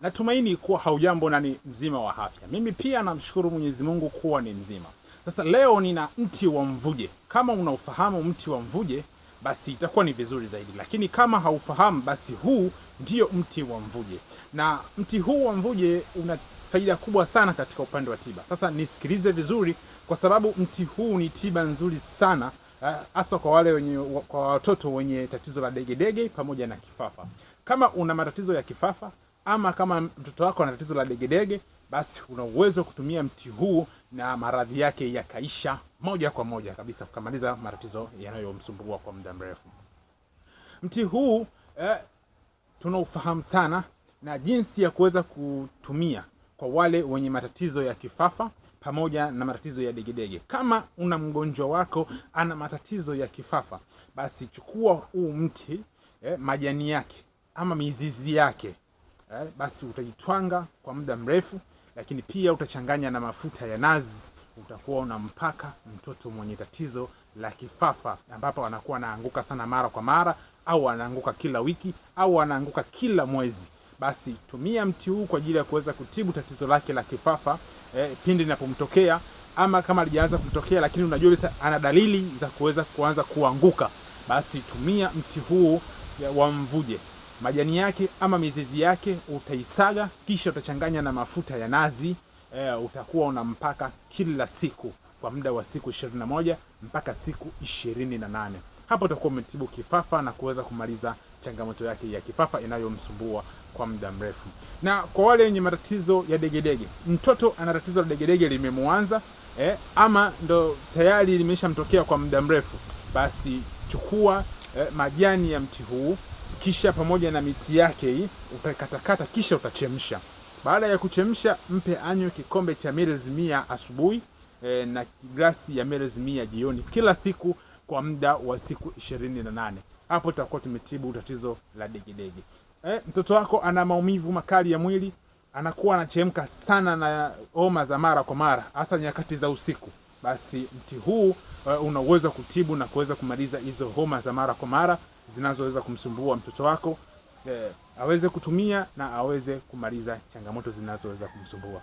Natumaini kuwa haujambo na ni mzima wa afya. Mimi pia namshukuru Mwenyezi Mungu kuwa ni mzima. Sasa leo nina mti wa mvuje. Kama unaufahamu mti wa mvuje, basi itakuwa ni vizuri zaidi, lakini kama haufahamu, basi huu ndio mti wa mvuje, na mti huu wa mvuje una faida kubwa sana katika upande wa tiba. Sasa nisikilize vizuri, kwa sababu mti huu ni tiba nzuri sana eh, hasa kwa wale wenye, kwa watoto wenye tatizo la degedege pamoja na kifafa. Kama una matatizo ya kifafa ama kama mtoto wako ana tatizo la degedege, basi una uwezo wa kutumia mti huu na maradhi yake yakaisha moja kwa moja kabisa, kukamaliza matatizo yanayomsumbua kwa muda mrefu. Mti huu eh, tunaufahamu sana na jinsi ya kuweza kutumia kwa wale wenye matatizo ya kifafa pamoja na matatizo ya degedege. Kama una mgonjwa wako ana matatizo ya kifafa, basi chukua huu mti eh, majani yake ama mizizi yake eh, basi utajitwanga kwa muda mrefu, lakini pia utachanganya na mafuta ya nazi, utakuwa unampaka mtoto mwenye tatizo la kifafa, ambapo anakuwa anaanguka sana mara kwa mara, au anaanguka kila wiki, au anaanguka kila mwezi. Basi tumia mti huu kwa ajili ya kuweza kutibu tatizo lake la kifafa eh, pindi linapomtokea ama kama alijaanza kumtokea, lakini unajua sasa ana dalili za kuweza kuanza kuanguka, basi tumia mti huu wa mvuje majani yake ama mizizi yake utaisaga, kisha utachanganya na mafuta ya nazi e, utakuwa unampaka kila siku kwa muda wa siku 21 mpaka siku 28. Hapo utakuwa umetibu kifafa na kuweza kumaliza changamoto yake ya kifafa inayomsumbua kwa muda mrefu. Na kwa wale wenye matatizo ya degedege, mtoto ana tatizo la degedege limemwanza e, ama ndo tayari limeshamtokea kwa muda mrefu, basi chukua e, majani ya mti huu kisha pamoja na miti yake hii utakatakata, kisha utachemsha. Baada ya kuchemsha, mpe anywe kikombe cha mililita mia asubuhi e, na glasi ya mililita mia jioni kila siku kwa muda wa siku ishirini na nane. Hapo tutakuwa tumetibu tatizo la degedege. E, mtoto wako ana maumivu makali ya mwili, anakuwa anachemka sana na homa za mara kwa mara, hasa nyakati za usiku, basi mti huu uh, eh, una uwezo kutibu na kuweza kumaliza hizo homa za mara kwa mara zinazoweza kumsumbua mtoto wako eh, aweze kutumia na aweze kumaliza changamoto zinazoweza kumsumbua.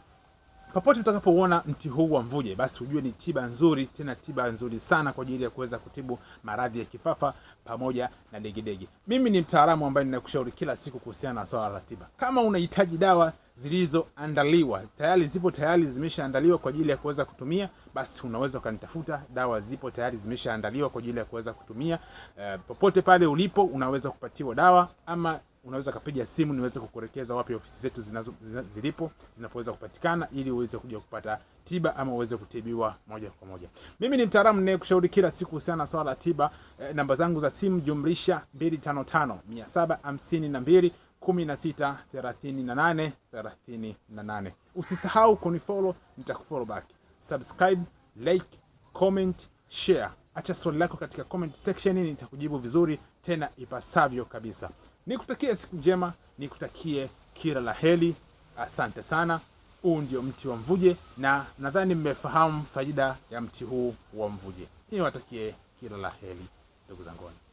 Popote utakapouona mti huu wa mvuje, basi ujue ni tiba nzuri, tena tiba nzuri sana kwa ajili ya kuweza kutibu maradhi ya kifafa pamoja na degedege. Mimi ni mtaalamu ambaye ninakushauri kila siku kuhusiana na swala la tiba. Kama unahitaji dawa zilizoandaliwa tayari, zipo tayari, zimeshaandaliwa kwa ajili ya kuweza kutumia, basi unaweza ukanitafuta. Dawa zipo tayari, zimeshaandaliwa kwa ajili ya kuweza kutumia. Eh, popote pale ulipo unaweza kupatiwa dawa ama unaweza kapiga simu niweze kukuelekeza wapi ofisi zetu zinazo zilipo zinapoweza kupatikana ili uweze kuja kupata tiba ama uweze kutibiwa moja kwa moja. Mimi ni mtaalamu naye kushauri kila siku husiana na swala la tiba. E, namba zangu za simu jumlisha 255 752 Usisahau kunifollow, nitakufollow back. Subscribe, like, comment, share. Acha swali lako katika comment section, nitakujibu vizuri tena ipasavyo kabisa. Nikutakie siku njema, nikutakie kila la heli Asante sana. Huu ndio mti wa mvuje, na nadhani mmefahamu faida ya mti huu wa mvuje. Niwatakie kila la heli ndugu zanguni.